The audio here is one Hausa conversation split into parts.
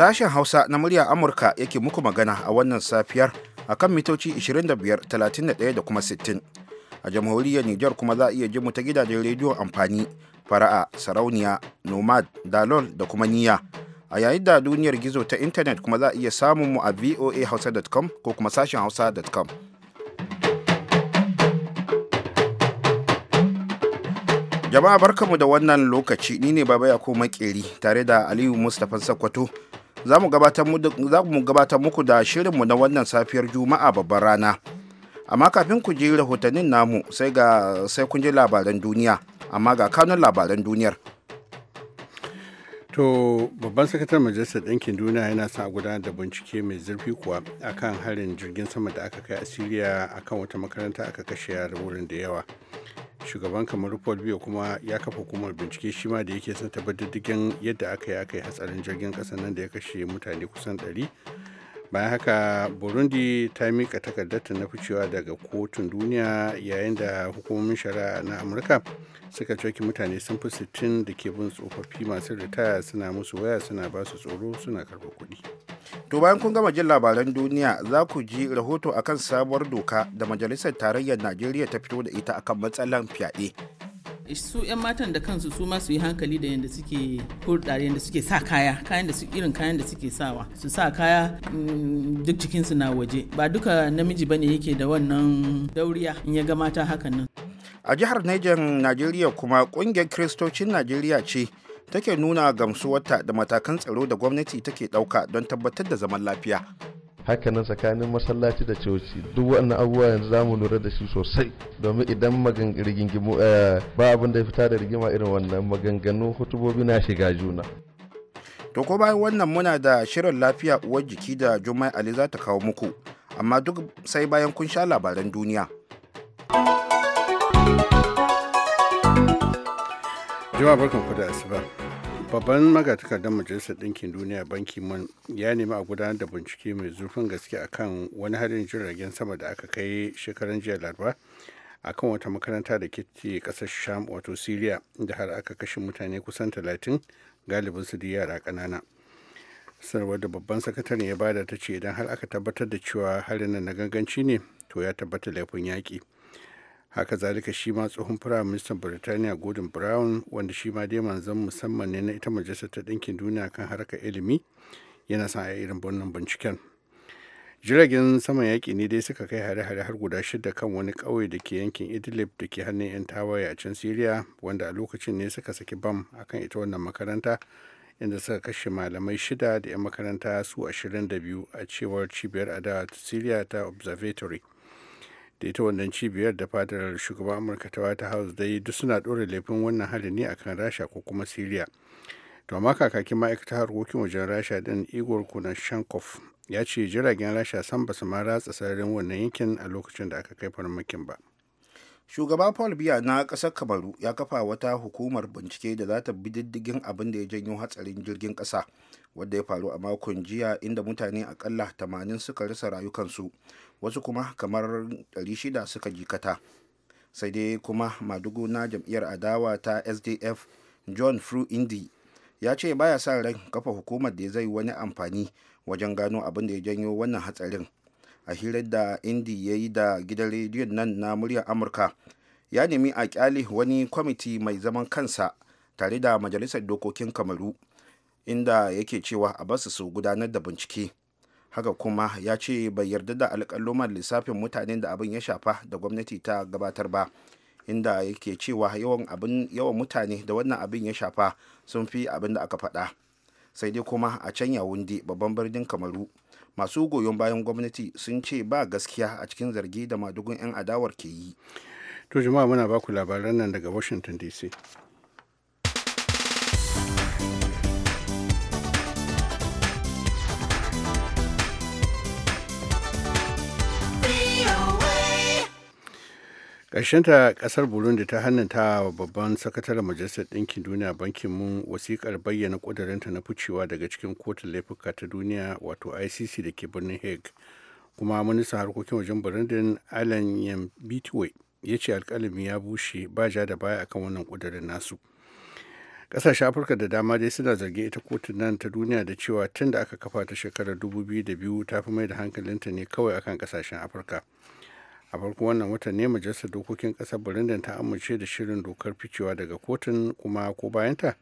Sashen Hausa na murya Amurka yake muku magana a wannan safiyar a kan mitoci 25, 31 da kuma 60. A jamhuriyar Nijar kuma za a iya ji mu ta gidajen rediyo amfani, fara'a, sarauniya, nomad, dalol da kuma niyya. A yayin da duniyar gizo ta intanet kuma za a iya samun mu a voahausa.com ko kuma sashen hausa.com. Jama'a barkamu da wannan lokaci ni ne Baba ko Makeri tare da Aliyu Mustapha sakwato. za mu gabatar muku da shirin mu na wannan safiyar juma'a babbar rana amma kafin ku ji rahotannin namu sai ga sai kun ji labaran duniya amma ga kanun labaran duniyar to babban sakataren majalisar ɗinkin duniya yana sa gudanar da bincike mai zurfi kuwa akan harin jirgin sama da aka kai a siriya akan wata makaranta aka kashe wurin da yawa shugaban kamar paul biyo kuma ya kafa hukumar bincike shi ma da yake son tabbatar yadda aka yi aka yi hatsarin jirgin kasa nan da ya kashe mutane kusan 100 bayan haka burundi ta mika takardarta na ficewa daga kotun duniya yayin da hukumomin shari'a na amurka suka coki mutane sun fi 60 da ke bin tsofaffi masu ritaya suna musu waya suna ba su tsoro suna karɓar kuɗi to bayan kun gama jin labaran duniya za ku ji rahoto akan sabuwar doka da majalisar tarayyar najeriya ta fito da ita akan matsalan fyaɗe su 'yan matan da kansu su ma su yi hankali da yadda suke hurɗa yadda suke sa kaya kayan da su irin kayan da suke sawa su sa kaya mm, duk cikinsu na waje ba duka namiji bane yake da wannan dauriya in ya ga mata hakan nan a jihar Niger Najeriya kuma kungiyar kristocin Najeriya ce take nuna gamsuwarta da matakan tsaro da gwamnati take ɗauka don tabbatar da zaman lafiya hakanan tsakanin masallaci da coci duk wannan abubuwa yanzu za mu lura da shi sosai domin idan eh, ba abin da ya fita da rigima irin wannan maganganu hutubobi na shiga juna to ko bayan wannan muna da shirin lafiya uwar jiki da juma'a ali za ta kawo muku amma duk sai bayan kun sha labaran duniya jama'a barkan ku da asuba babban magatakardar majalisar ɗinkin duniya banki mun ya nemi a gudanar da bincike mai zurfin gaske akan wani harin jiragen sama da aka kai shekaran jiya laraba akan wata makaranta da ke kasar sham wato syria da har aka kashe mutane kusan talatin galibin su da yara ƙanana sanarwar da babban sakataren ya bada ta ce idan har aka tabbatar da cewa harin na ganganci ne to ya tabbata laifin yaƙi haka zalika shi ma tsohon firayim ministan birtaniya gordon brown wanda shi ma dai manzan musamman ne na ita majalisar ta ɗinkin duniya kan harkar ilimi yana sa a irin wannan binciken jiragen saman yaƙi ne dai suka kai hare-hare har guda shida kan wani ƙauye da ke yankin idlib da ke hannun 'yan tawaye a can syria wanda a lokacin ne suka saki bam akan ita wannan makaranta inda suka kashe malamai shida da 'yan makaranta su 22 a cewar cibiyar adawa ta syria ta observatory da ita wannan cibiyar da fadar shugaban amurka ta white house dai duk suna ɗora laifin wannan hali ne akan rasha ko kuma syria to amma kakakin ma'aikatar harkokin wajen rasha din igor shankof ya ce jiragen rasha san basu ma ratsa sararin wannan yankin a lokacin da aka kai farmakin ba shugaba paul biya na ƙasar kamaru ya kafa wata hukumar bincike da za ta bi diddigin abin da ya janyo hatsarin jirgin ƙasa wadda ya faru a makon jiya inda mutane akalla 80 suka rasa rayukansu wasu kuma kamar 600 suka jikata sai dai kuma madugu na jam'iyyar adawa ta sdf john fru indi ya ce baya sa ran kafa hukumar da zai wani amfani wajen gano abin da ya janyo wannan hatsarin a hirar da indi ya yi da gidan rediyon nan na muryar amurka ya nemi a kyale wani kwamiti mai zaman kansa tare da majalisar dokokin kamaru inda yake cewa a basu su gudanar da bincike haka kuma ya ce bai yarda da alƙalluman lissafin mutanen da abin ya shafa da gwamnati ta gabatar ba inda yake cewa yawan abin yawan mutane da wannan abin ya shafa sun fi abin da aka faɗa sai dai kuma a can yawundi babban birnin kamaru masu goyon bayan gwamnati sun ce ba gaskiya a cikin zargi da madugun 'yan adawar ke yi to jama'a muna baku labaran nan daga washington dc ƙarshenta ƙasar burundi ta hannunta babban sakataren majalisar ɗinkin duniya bankin mun wasiƙar bayyana ƙudurinta na ficewa daga cikin kotun laifuka ta duniya wato icc da ke birnin hague kuma ministan harkokin wajen burundin alan yambitwe ya ce alƙalami ya bushe ba ja da baya akan wannan ƙudurin nasu ƙasashen afirka da dama dai suna zargin ita kotun nan ta duniya da cewa tun da aka kafa ta shekarar 2002 ta fi mai da hankalinta ne kawai akan ƙasashen afirka a farkon wannan watan ne majalisar dokokin kasar burundi ta amince da shirin dokar ficewa daga kotun kuma ko bayanta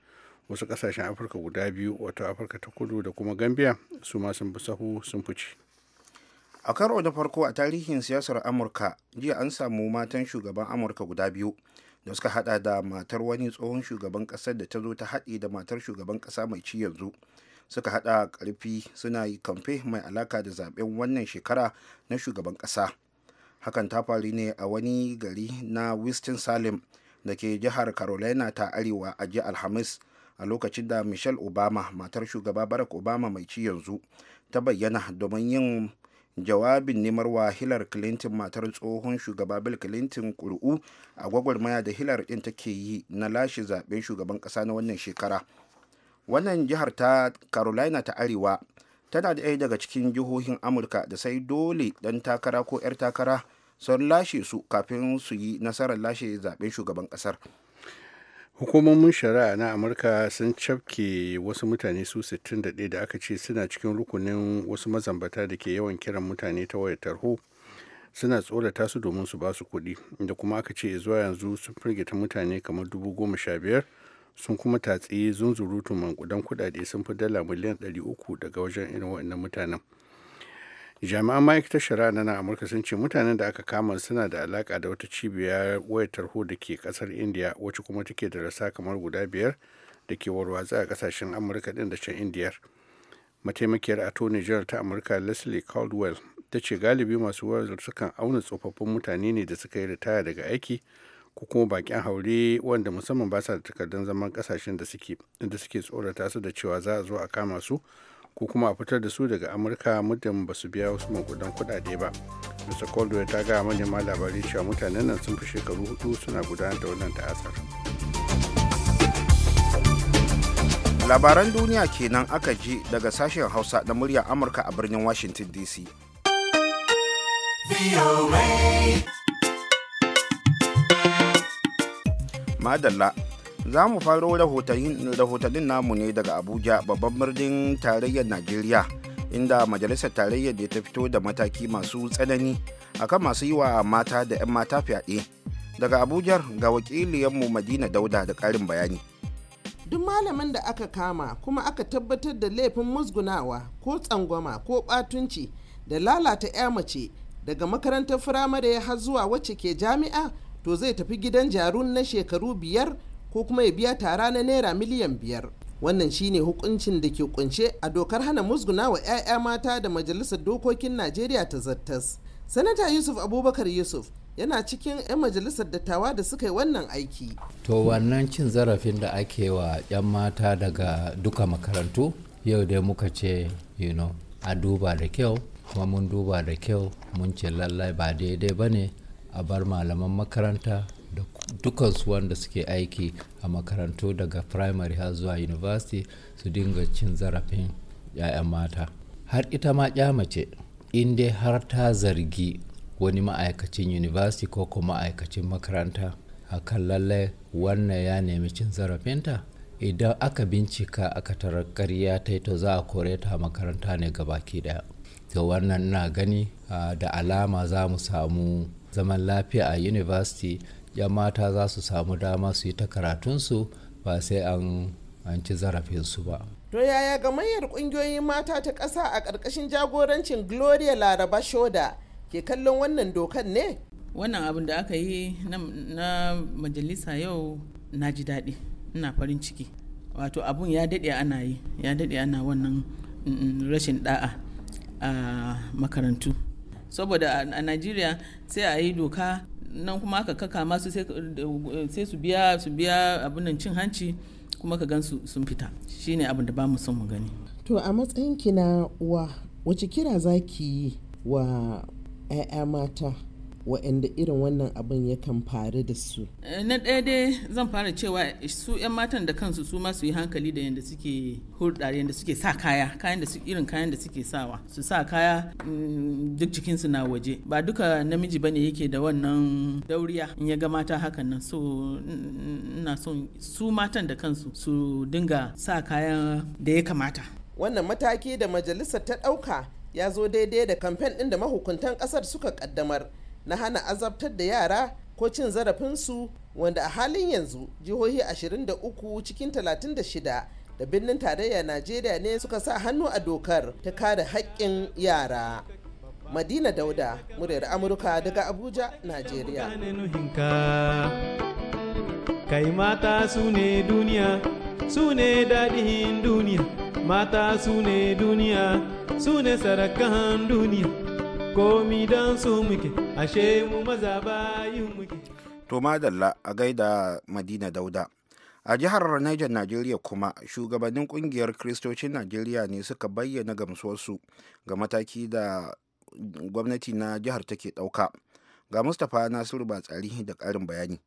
wasu kasashen afirka guda biyu wato afirka ta kudu da kuma gambia su ma sun bi sahu sun fice a karo na farko a tarihin siyasar amurka jiya an samu matan shugaban amurka guda biyu da suka hada da matar wani tsohon shugaban kasar da ta zo ta haɗe da matar shugaban kasa mai ci yanzu suka hada karfi suna yi kamfe mai alaka da zaben wannan shekara na shugaban kasa hakan ta faru ne a wani gari na winston salem da ke jihar carolina ta arewa a ji alhamis a lokacin da michelle obama matar shugaba barack obama mai ci yanzu ta bayyana domin yin jawabin nemar wa hillary clinton matar tsohon shugaba bill clinton kuri'u a gwagwarmaya da hillary din take yi na lashe zaben shugaban ƙasa na wannan shekara wannan jihar ta carolina ta arewa tana da ɗaya daga cikin jihohin amurka da sai dole ɗan takara ko 'yar takara sun lashe su kafin su yi nasarar lashe zaɓen shugaban ƙasar hukumomin shari'a na amurka sun cafke wasu mutane su 61 da aka ce suna cikin rukunin wasu mazambata da ke yawan kiran mutane ta wayar tarho suna tsorata su domin su basu su kuɗi da kuma aka ce zuwa yanzu sun firgita mutane kamar dubu sun kuma tatsi zunzurutun mankudan kudade sun fi dala miliyan 300 daga wajen irin waɗannan mutanen jami'an ma'aikatar shari'a na amurka sun ce mutanen da aka kama suna da alaka da wata cibiyar wayar tarho da ke kasar indiya wacce kuma take da rasa kamar guda biyar da ke warwatsa a kasashen amurka din da can indiyar mataimakiyar attorney general ta amurka leslie caldwell ta ce galibi masu wayar sukan auna tsofaffin mutane ne da suka yi ritaya daga aiki ko kuma bakin haure wanda musamman ba sa da takardun zaman kasashen da suke inda suke tsorata su da cewa za a zo a kama su ko kuma a fitar da su daga amurka muddin ba su biya wasu magudan kudade ba mr caldwell ta gaya manema labarai cewa mutanen nan sun fi shekaru hudu suna gudanar da wannan ta'asar labaran duniya kenan aka ji daga sashen hausa da muryar amurka a birnin washington dc madalla za mu faro rahotannin namu ne daga abuja babban birnin tarayyar najeriya inda majalisar tarayyar da ta fito da mataki masu tsanani akan masu yi wa mata da 'yan mata fyaɗe daga abuja ga wakiliyanmu madina dauda da ƙarin bayani duk malamin da aka kama kuma aka tabbatar da laifin musgunawa ko tsangwama ko ɓatunci da lalata 'ya mace daga makarantar firamare har zuwa wacce ke jami'a to zai tafi gidan jarun na shekaru biyar ko kuma ya biya tara na naira miliyan biyar wannan shine hukuncin da ke kunshe a dokar hana musguna wa 'ya'ya mata da majalisar dokokin najeriya ta zattas sanata yusuf abubakar yusuf yana cikin 'yan majalisar dattawa da suka yi wannan aiki to wannan cin zarafin da ake wa 'yan mata daga duka makarantu yau dai muka ce you know, a duba da kyau kuma mun duba da kyau mun ce lallai ba daidai ba ne a bar malaman makaranta da dukansu wanda suke aiki a makarantu daga primary har zuwa university su dinga cin zarafin 'ya'yan mata har ita ma ya mace in dai har ta zargi wani ma'aikacin university ko kuma ma'aikacin makaranta akan lallai wannan ya nemi cin zarafinta idan aka bincika aka tarar ƙarya ta to za a kore ta makaranta ne ga baki daya da wannan na gani ah, da alama za mu samu zaman lafiya a university yan mata za su samu dama su yi ta karatunsu ba sai an ci zarafinsu ba to yaya ga gamayyar kungiyoyin mata ta ƙasa a ƙarƙashin jagorancin gloria laraba shoda ke kallon wannan dokan ne wannan abin da aka yi na majalisa yau na ji daɗi ina farin ciki wato abun ya daɗe ana yi ya daɗe ana wannan mm, mm, rashin ɗa'a a makarantu saboda a nigeria sai a yi doka nan kuma aka kaka masu sai su biya su biya abin cin hanci kuma ka gan su sun fita shine abin da ba mu son mu gani to a matsayin kina wa uwa wace kira zaki yi wa 'ya'ya mata waɗanda irin wannan abin yakan faru da su eh, na ɗaya dai zan fara cewa su 'yan matan da kansu su ma su yi hankali da yadda suke hurɗa yadda suke sa kaya kayan da su irin kayan da suke sawa su sa kaya mm, duk jikinsu na waje ba duka namiji bane yake da wannan dauriya in ya ga mata hakan nan so ina son su matan da kansu su dinga sa kayan da ya kamata wannan mataki da majalisar ta ɗauka ya zo daidai da kamfen ɗin da mahukuntan ƙasar suka ƙaddamar na hana azabtar da yara ko cin zarafinsu wanda a halin yanzu jihohi 23 cikin 36 da birnin tarayya najeriya ne suka sa hannu a dokar ta kare haƙƙin yara madina dauda muryar amurka daga abuja najeriya kai mata su ne duniya su ne daɗin duniya mata su ne duniya su ne sarakan duniya komi don su muke ashe mu maza bayin muke to madalla a gaida madina dauda a jihar niger najeriya kuma shugabannin kungiyar kristocin najeriya ne suka bayyana gamsuwarsu ga mataki da gwamnati na jihar take ɗauka ga mustapha nasiru batsari da ƙarin bayani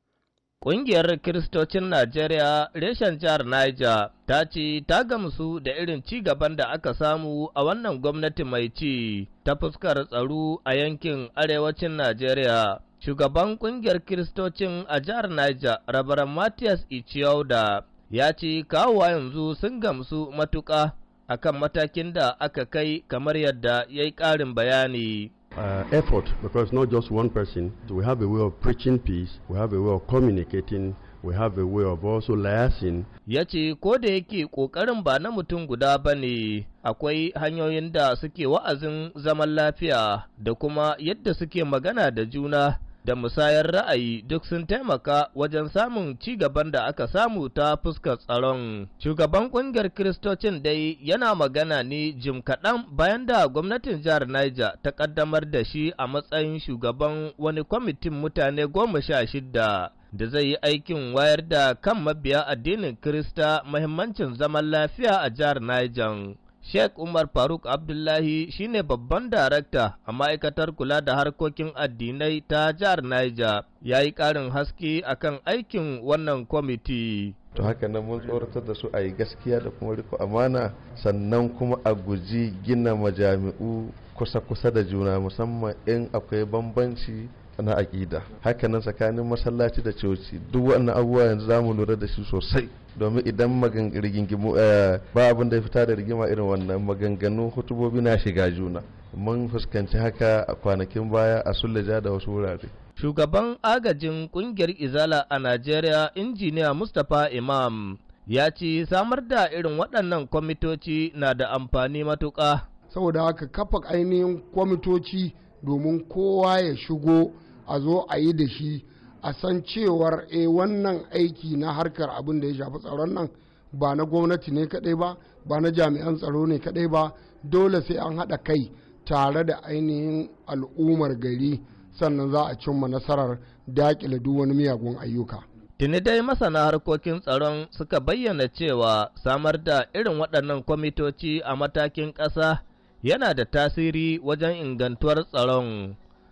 Ƙungiyar Kiristocin Najeriya reshen jihar Niger ta ce ta gamsu da irin ci gaban da aka samu a wannan gwamnati mai ci ta fuskar tsaro a yankin arewacin Najeriya. Shugaban ƙungiyar Kiristocin a jihar Niger, Rabaran Matias Ichiyauda, ya ce kawowa yanzu sun gamsu matuƙa akan matakin da aka kai kamar yadda ya yi ƙarin bayani. uh, effort because not just one person. We have a way of preaching peace, we have a way of communicating, we have a way of also liaising. Ya ce, ko da yake ƙoƙarin ba na mutum guda ba ne, akwai hanyoyin da suke wa'azin zaman lafiya da kuma yadda suke magana da juna da musayar ra'ayi duk sun taimaka wajen samun ci gaban da aka samu ta fuskar tsaron. Shugaban kungiyar Kiristocin dai yana magana ne jim kaɗan bayan da gwamnatin jihar Niger ta ƙaddamar da shi a matsayin shugaban wani kwamitin mutane goma sha shidda. Da zai yi aikin wayar da kan mabiya addinin Kirista muhimmancin zaman lafiya a jihar Niger. Sheikh Umar Faruk Abdullahi shi ne babban darakta a ma'aikatar kula da harkokin addinai ta jihar Niger ya yi ƙarin haske kan aikin wannan kwamiti. To haka nan mun tsoratar da su a yi gaskiya da kuma riko amana sannan kuma a guji gina majami'u kusa-kusa da juna musamman in akwai bambanci na aƙida hakanan tsakanin masallaci da coci duk wannan abubuwa yanzu za mu lura da shi sosai domin idan rigingimu eh, ba abin da ya fita da rigima irin wannan maganganun hutubobi na shiga juna mun fuskanci haka a kwanakin baya a sullaja da wasu wurare shugaban agajin kungiyar izala a najeriya injiniya mustapha imam ya ce samar da irin waɗannan kwamitoci na da amfani matuƙa saboda haka kafa ainihin kwamitoci domin kowa ya shigo a zo a yi da shi a san cewar e wannan aiki na harkar abin da ya shafi tsaron nan ba na gwamnati ne kadai ba ba na jami'an tsaro ne kadai ba dole sai an haɗa kai tare da ainihin al'ummar gari sannan za a cimma nasarar dakile duk wani miyagun ayyuka Tuni dai masana harkokin tsaron suka bayyana cewa samar da irin waɗannan kwamitoci a matakin ƙasa yana da tasiri wajen ingantuwar tsaron.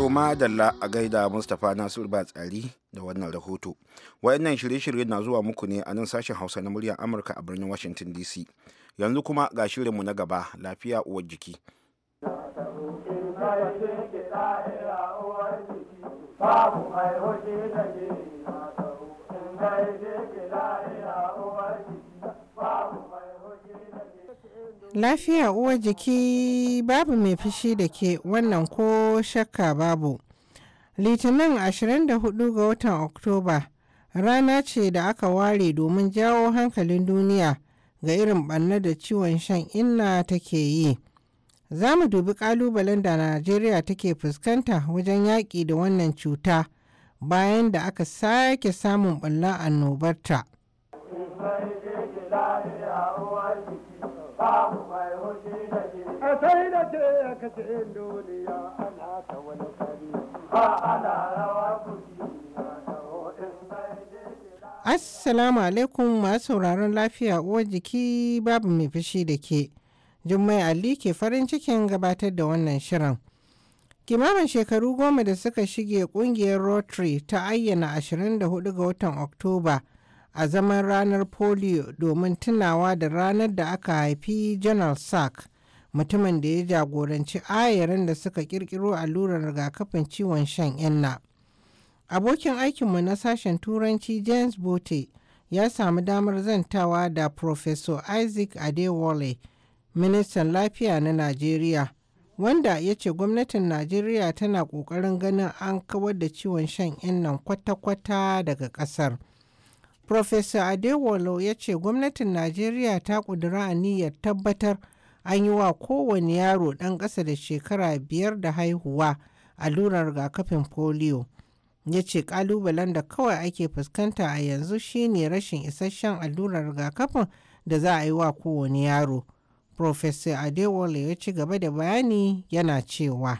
To madalla a gaida Mustapha Nasiru tsari da wannan rahoto. Wayannan shirye-shirye na zuwa muku ne a nan sashen Hausa na muryar Amurka a birnin Washington DC. Yanzu kuma ga shirinmu na gaba lafiya uwar jiki. Babu da ke na in ke Lafiya uwar jiki babu mai fushi da ke wannan ko shakka babu. Litinin 24 ga watan Oktoba rana ce da aka ware domin jawo hankalin duniya ga irin banna da ciwon shan inna take yi. Za mu dubi ƙalubalen da Najeriya take fuskanta wajen yaƙi da wannan cuta bayan da aka sake samun ɓulla annobarta. Assalamu alaikum masu sauraron lafiya uwar jiki babu mai fushi da ke. Jummai Ali ke farin cikin gabatar da wannan shirin. kimaman shekaru goma da suka shige kungiyar Rotary ta ayyana 24 ga watan Oktoba a zaman ranar polio domin tunawa da ranar da aka haifi General Sack, mutumin da ya jagoranci ayarin da suka kirkiro allurar rigakafin ciwon shan inna. Abokin aikinmu na sashen Turanci James Bote ya samu damar zantawa da Professor Isaac Adewale, ministan lafiya na Najeriya. wanda ya ce gwamnatin najeriya tana ƙoƙarin ganin an kawar da ciwon shan innan kwata-kwata daga ƙasar Professor Adewolo ya ce gwamnatin Najeriya ta ƙudura aniyar tabbatar an yi wa kowane yaro ɗan ƙasa da shekara biyar da haihuwa allurar rigakafin polio. Ya ce ƙalubalen da kawai ake fuskanta a yanzu shine rashin isasshen allurar rigakafin da za a yi wa kowane yaro. Professor adewolo ya ci gaba da bayani yana cewa.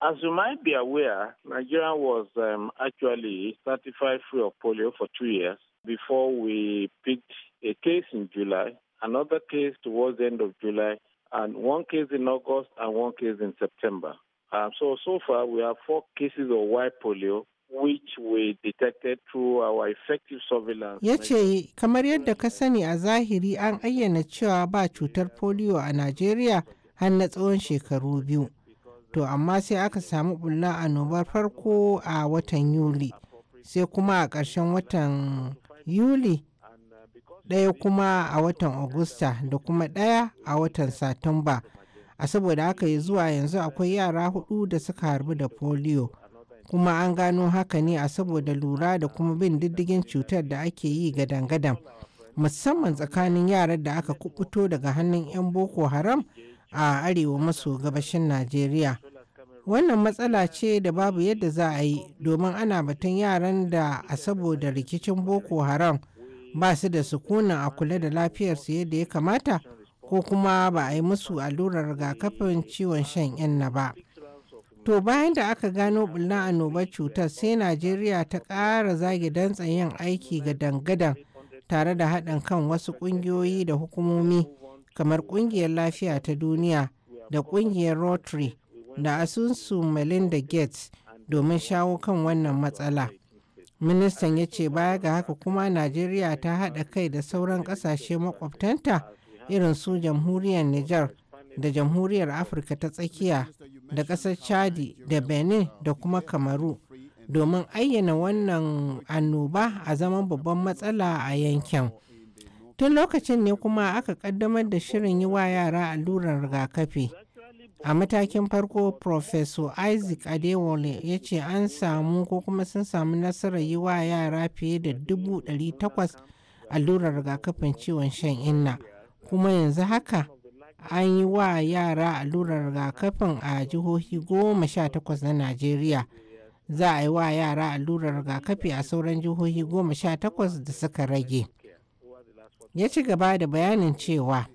As you might be aware, Nigeria was um, actually certified free of polio for two years. before we picked a case in July, another case towards the end of July, and one case in August and one case in September. Uh, so, so far, we have four cases of white polio which we detected through our effective surveillance. Ya ce, kamar yadda ka sani a zahiri an ayyana cewa ba cutar polio a Najeriya har na tsawon shekaru biyu. To, amma sai aka samu bulla annobar farko a watan Yuli, sai kuma a ƙarshen watan Yuli ɗaya kuma a watan Agusta da kuma ɗaya a watan Satumba. A saboda haka yi zuwa yanzu akwai yara hudu da suka harbi da polio. Kuma an gano haka ne a saboda lura da kuma bin diddigin cutar da ake yi gadan-gadan. Musamman tsakanin yaran da aka kubuto daga hannun 'yan Boko Haram a arewa maso gabashin Najeriya. wannan matsala ce da babu yadda za a yi domin ana batun yaran da a saboda rikicin boko haram ba su da sukunan a kula da lafiyarsu yadda ya kamata ko kuma ba a yi musu allurar rigakafin ciwon shan 'yanna ba to bayan da aka gano bulla annobar cutar sai najeriya ta ƙara zage dantsen yin aiki ga dangadan tare da haɗin kan wasu ƙungiyoyi da hukumomi kamar ƙungiyar lafiya ta duniya da ƙungiyar rotary da asusu melinda gates domin shawo kan wannan matsala ministan ya ce baya ga haka kuma najeriya ta haɗa kai da sauran ƙasashe makwabtanta irin su jamhuriyar Nijar da jamhuriyar afirka ta tsakiya da ƙasar chadi da benin da kuma kamaru domin ayyana wannan annoba a zaman babban matsala a yankin tun lokacin ne kuma aka kaddamar da shirin yi wa yara allurar rigakafi a matakin farko professor isaac adewale ya ce an samu ko kuma sun samu nasarar yi wa yara fiye da 800 allurar rigakafin ciwon shan inna kuma yanzu haka an yi wa yara allurar rigakafin a jihohi goma sha na najeriya za a yi wa yara allurar rigakafi a sauran jihohi goma sha takwas da suka rage ya ci gaba da bayanin cewa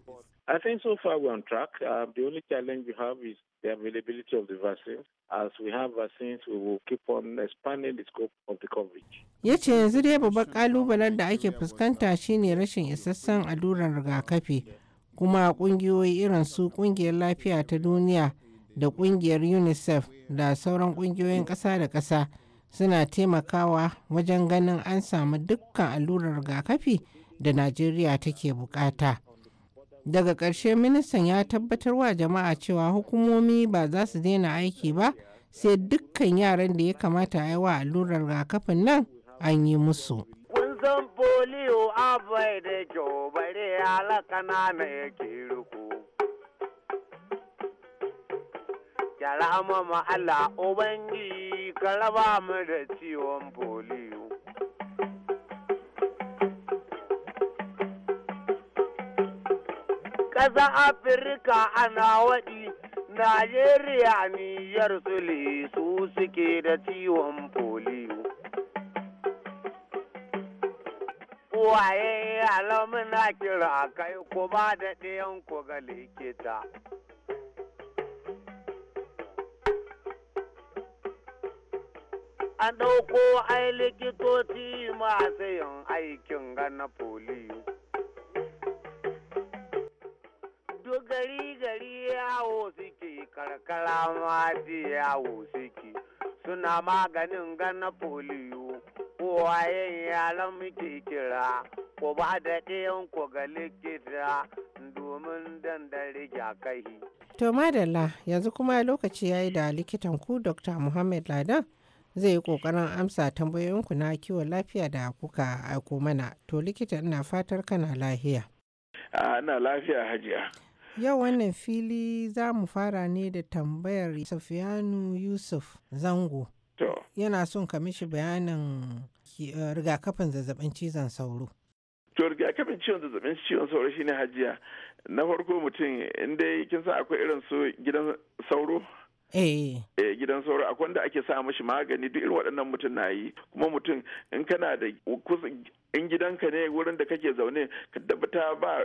I think so far we're on track. Uh, the only challenge we have is the availability of the vaccines. As we have vaccines, we will keep on expanding the scope of the coverage. Ya ce yanzu dai babban kalubalen da ake fuskanta shine rashin isassan alluran rigakafi kuma kungiyoyi irin su kungiyar lafiya ta duniya da kungiyar UNICEF da sauran kungiyoyin ƙasa da ƙasa suna taimakawa wajen ganin an samu dukkan allurar rigakafi da Najeriya take bukata. daga ƙarshe ministan ya tabbatar wa jama'a cewa hukumomi ba za su daina aiki ba sai dukkan yaran da ya kamata a yi wa allurar rakafin nan an yi musu san polio abai da kyau bare alaka na na yake mama Allah ubangi ka mu da ciwon polio ƙasa afirka ana waɗi najeriya niyyar sule su suke da ciwon polio waye alamuna kira kai ku ba da ɗayan ga likita an ɗauko ai likitoci masu yin aikin gana polio gari gari yawo suke karkara ma yawo suke suna maganin gana kowa kowayen yaran muke kira ko ba da ɗayan ku ga likita domin dandare kai. To madalla yanzu kuma lokaci ya yi da likitan ku Dr. Muhammad Ladan zai yi kokarin amsa tambayoyinku na kiwon lafiya da kuka aiko mana to likita ina fatar kana lahiya. Ana ah, lafiya hajiya. Yau wannan fili za mu fara ne da tambayar Safiyanu Yusuf Zango. Yana son ka mishi bayanin eh, rigakafin zazzabin cizon sauro. To rigakafin ciwon zazzabin ciwon sauro shine hajiya. Na farko mutum inda kin san akwai irin su gidan sauro. Eh. eh gidan sauro akwai wanda ake sa mashi magani duk irin waɗannan mutum na yi kuma mutum in kana da in gidanka ne wurin da kake zaune ka tabbata ba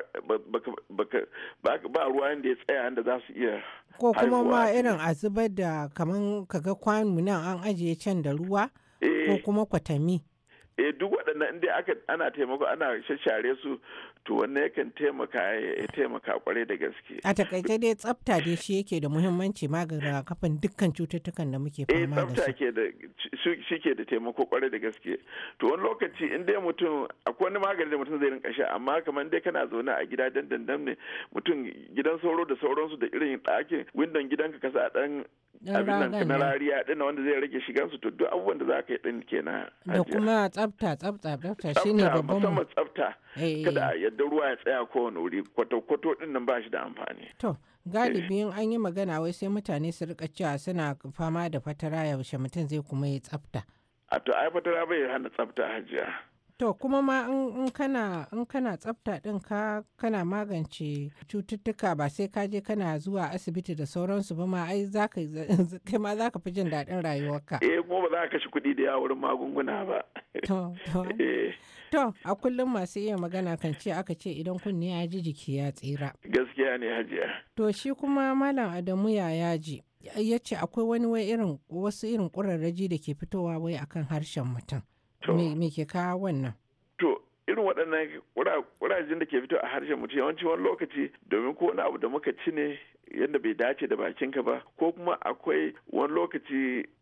ruwa da ya tsaya da za su iya ko kuma ma irin a da kaman kaga kwanu nan an ajiye can da ruwa ko eh. kuma kwatami eh duk waɗannan inda aka ana taimako ana shashare su to wanne yakan taimaka ya taimaka kwarai da gaske a takaice dai tsafta dai shi yake da muhimmanci maganin a kafin dukkan cututtukan da muke eh, fama da su tsafta ke da shi ke da taimako kwarai da gaske to wani lokaci in dai mutum akwai wani magani da mutum zai rinka sha amma kamar dai kana zaune a gida dan ne mutum gidan sauro da sauransu da irin ɗakin windon gidanka kasa dan abin nan na rariya din wanda zai rage shigan su to duk abubuwan da za ka yi din kenan da kuma tsafta tsafta tsafta shine babban musamman tsafta Eh. kada a yadda ruwa ya tsaya kowane wuri kwato-kwato din nan ba shi da amfani to galibin eh. an yi magana wai sai mutane su rika cewa suna fama da fatara yaushe mutum zai kuma ya tsafta a to ai fatara bai hana tsafta hajiya to kuma ma in kana in kana tsafta din ka kana magance cututtuka ba sai ka je kana zuwa asibiti da sauransu ba ma ai zaka kai ma zaka fi jin daɗin rayuwarka eh kuma ba za ka shi kuɗi da yawa magunguna ba to to eh. To, a kullum masu iya magana kan ce aka ce idan kunne ya ji jiki ya tsira. Gaskiya ne hajiya. To shi kuma Malam Adamu ya yaji. Ya ce akwai wani wai irin wasu irin ƙurarraji da ke fitowa wai akan harshen mutum. Me ke kawo wannan? To, irin waɗannan ƙurajen da ke fito a harshen mutum yawanci wani lokaci domin ko wani abu da muka ci ne yadda bai dace da bakinka ba ko kuma akwai wani lokaci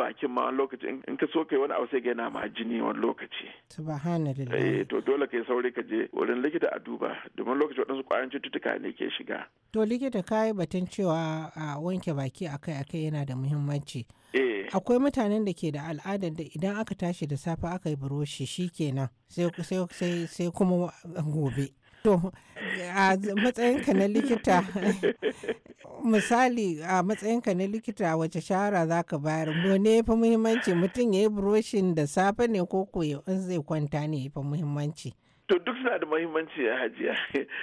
bakin ma lokaci in ka so kai wani abu sai ga yana ma jini wani lokaci subhanallah eh to dole kai saurayi ka je wurin likita a duba domin lokaci waɗansu ƙwayoyin cututtuka ne ke shiga to likita kai batun cewa a wanke baki akai-akai yana da muhimmanci eh. akwai mutanen da ke da al'adar da idan aka tashi da safe aka yi buroshi shi kenan sai kuma gobe To, a matsayinka na likita, misali a matsayinka na likita wace shawara za ka bayar? mu ya fi muhimmanci mutum ya yi da safe ne ko koyo in zai kwanta ne ya fi muhimmanci? To duk suna da mahimmanci ya hajiya.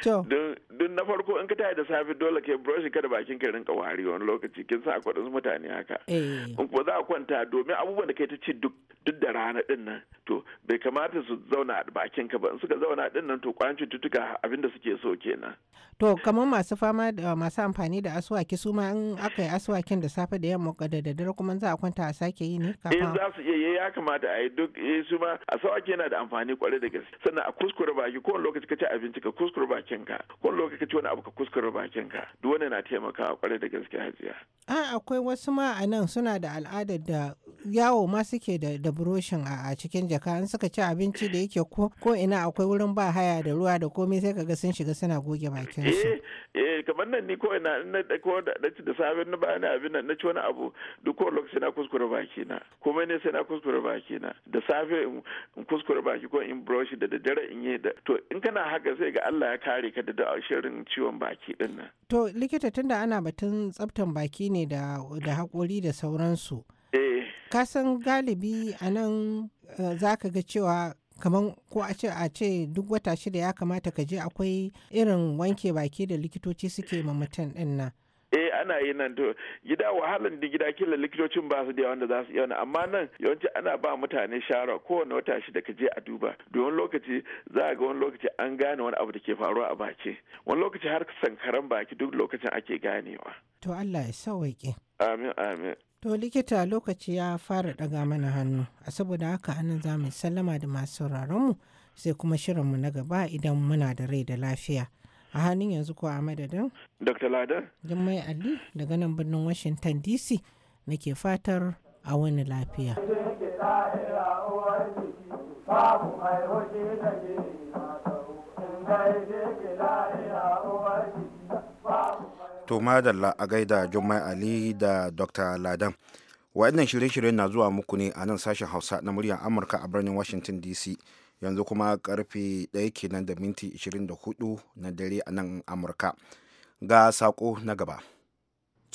Don na farko in ka tayi da safe dole ke brush kada da bakin ka rinka wari wani lokaci kin sa akwai mutane haka. Eh. In kuma za a kwanta domin abubuwan da kai ta ci duk duk da rana din nan to bai kamata su zauna a bakin ka ba in suka zauna din nan to kwanci tutuka abinda suke so kenan. To kamar masu fama da masu amfani da aswaki su ma in aka yi aswakin da safe da yamma da daddare kuma za a kwanta a sake yi ne. Eh za su iya eh, ya kamata a yi duk eh, su ma aswaki yana da amfani kwarai da gaske sannan a kuskure baki kowane lokaci ka ci abinci ka kuskure bakin ka kowane lokaci ka ci wani abu ka kuskure bakin ka duk wannan na taimakawa kwarai da gaske hajiya a akwai wasu ma a nan suna da al'adar da yawo ma suke da da buroshin a cikin jaka an suka ci abinci da yake ko ko ina akwai wurin ba haya da ruwa da komai sai kaga sun shiga suna goge bakin su eh eh kamar nan ni ko ina na da ko da da safe na ba ni abin nan na ci wani abu duk ko lokaci na kuskure baki na komai ne sai na kuskure baki na da safe in kuskure baki ko in brush da dare in ganye da to in kana haka zai ga Allah ya kare ka da shirin ciwon baki din nan to likita tunda ana batun tsaftan baki ne da da hakori da sauransu eh kasan galibi anan nan eh, zaka ga cewa kamar ko a ce a ce duk wata shida ya kamata ka je akwai irin wanke baki da likitoci suke ma mutum din eh ana yi nan to gida wahalan da gida kila likitocin ba su da yawan da za su iya amma nan yawanci ana ba mutane shara kowane wata shida ka je a duba domin lokaci za a ga wani lokaci an gane wani abu da ke faruwa a baki wani lokaci har sankaran baki duk lokacin ake ganewa to Allah ya sauwaƙe amin amin to likita lokaci ya fara daga mana hannu a saboda haka an za mu sallama da masu sauraron mu sai kuma shirinmu na gaba idan muna da rai da lafiya a hannun yanzu ko a madadin dr ladan jummai ali daga nan birnin washington dc nake fatar a wani lafiya to madalla a gaida jummai ali da dr ladan waɗannan shirye-shiryen na zuwa muku ne a nan sashen hausa na muryar amurka a birnin washington dc yanzu kuma karfe ɗaya kenan da minti 24 na dare a nan amurka ga sako na gaba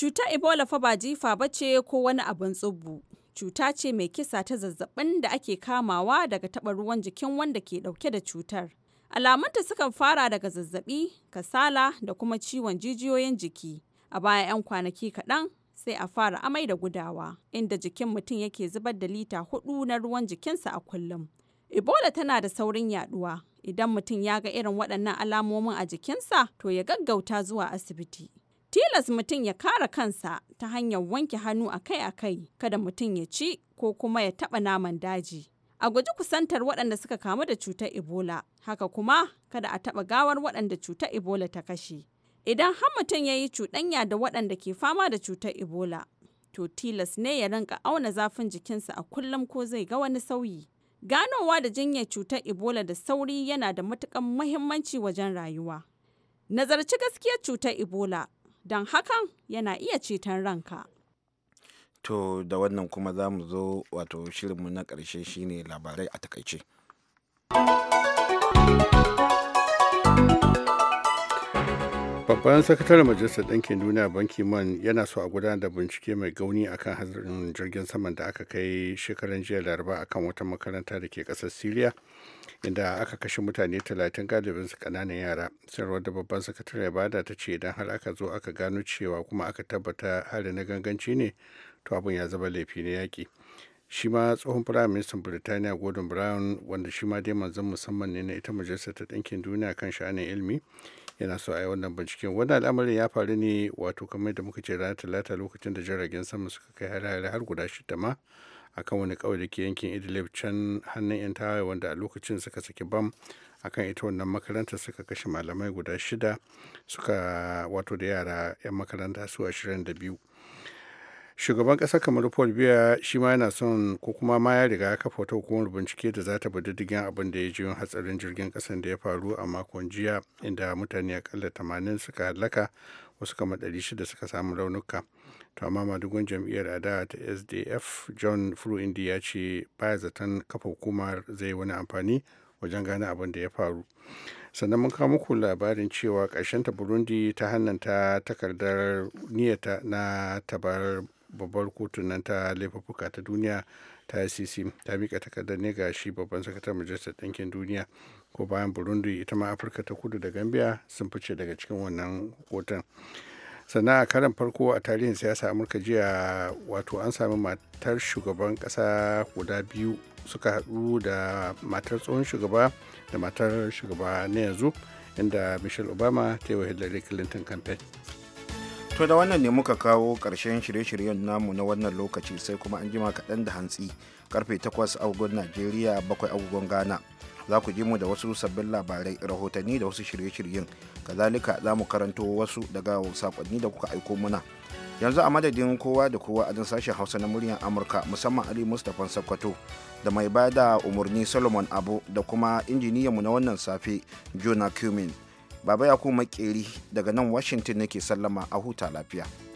cuta ebola fa ba jifa ba ce ko wani abin tsubu cuta ce mai kisa ta zazzabin da ake kamawa daga taɓa ruwan jikin wanda ke ɗauke da cutar alamanta sukan fara daga zazzabi kasala da kuma ciwon jijiyoyin jiki a baya 'yan kwanaki kaɗan sai a fara amai da gudawa inda jikin mutum yake zubar da lita hudu na ruwan jikinsa a kullum Ebola tana da saurin yaduwa. Idan mutum ya ga irin waɗannan alamomin a jikinsa, to ya gaggauta zuwa asibiti. Tilas mutum ya kare kansa ta hanyar wanke hannu akai-akai, kada mutum ya ci ko kuma ya taɓa naman daji. A guji kusantar waɗanda suka kamu da cutar Ebola, haka kuma kada a taɓa gawar waɗanda cutar Ebola ta kashe. Idan har mutum ya yi cuɗanya da waɗanda ke fama da cutar Ebola, to tilas ne ya rinka auna zafin jikinsa a kullum ko zai ga wani sauyi. Ganowa da jinyar cutar Ebola da sauri yana da matukan muhimmanci wajen rayuwa. Nazarci gaskiyar cutar Ebola, don hakan yana iya ceton ranka. To da wannan kuma za mu zo wato shirinmu na ƙarshe shine labarai a takaice. babban sakataren majalisar ɗinkin duniya banki man yana so a gudanar da bincike mai gauni akan hazirin jirgin saman da aka kai shekaran jiya laraba akan wata makaranta da ke ƙasar siriya inda aka kashe mutane talatin galibin su ƙananan yara sanarwar da babban sakatare bada ta ce idan har aka zo aka gano cewa kuma aka tabbata hali na ganganci ne to abin ya zama laifi na yaƙi shi ma tsohon firaministan birtaniya gordon brown wanda shi ma dai manzon musamman ne na ita majalisar ta ɗinkin duniya kan sha'anin ilimi yana so a yi wannan binciken wannan al'amarin ya faru ne wato kamar da muka ce ranar talata lokacin da jiragen sama suka kai har har har guda shida ma a kan wani kawai da ke yankin idlib can hannun yan tawaye wanda a lokacin suka saki bam akan ita wannan makaranta suka kashe malamai guda shida suka wato da yara yan makaranta su ashirin da biyu shugaban ƙasar kamar paul biya shi ma yana son ko kuma ma ya riga ya kafa wata hukumar bincike da za ta bi diddigin abin da ya ji hatsarin jirgin ƙasan da ya faru a makon jiya inda mutane akalla tamanin suka halaka wasu kama shida suka samu raunuka to amma madugun jam'iyyar adawa ta sdf john indi ya ce baya zaton kafa hukumar zai wani amfani wajen gane abin da ya faru sannan mun kawo muku labarin cewa karshen ta burundi ta hannanta takardar niyyata na tabar babbar kotun nan ta laifuffuka ta duniya ta ICC ta mika takardar ne ga shi babban sakatar majalisar ɗinkin duniya ko bayan Burundi ita ma Afirka ta kudu da Gambia sun fice daga cikin wannan kotun. sannan a karan farko a tarihin siyasa amurka jiya wato an sami matar shugaban kasa guda biyu suka haɗu da matar tsohon shugaba da matar shugaba na yanzu inda michelle obama ta yi wa hillary clinton campaign to da wannan ne muka kawo ƙarshen shirye-shiryen namu na wannan lokaci sai kuma an jima kaɗan da hantsi karfe 8 agogon najeriya 7 agogon ghana za ku ji mu da wasu sabbin labarai rahotanni da wasu shirye-shiryen kazalika za mu karanto wasu daga sakonni da kuka aiko muna yanzu a madadin kowa da kowa a sashen hausa na muryar amurka musamman ali mustapha sakwato da mai bada umarni solomon abu da kuma injiniyanmu na wannan safe jonah Cummins. baba ya kuma makeri daga nan washington nake sallama a huta lafiya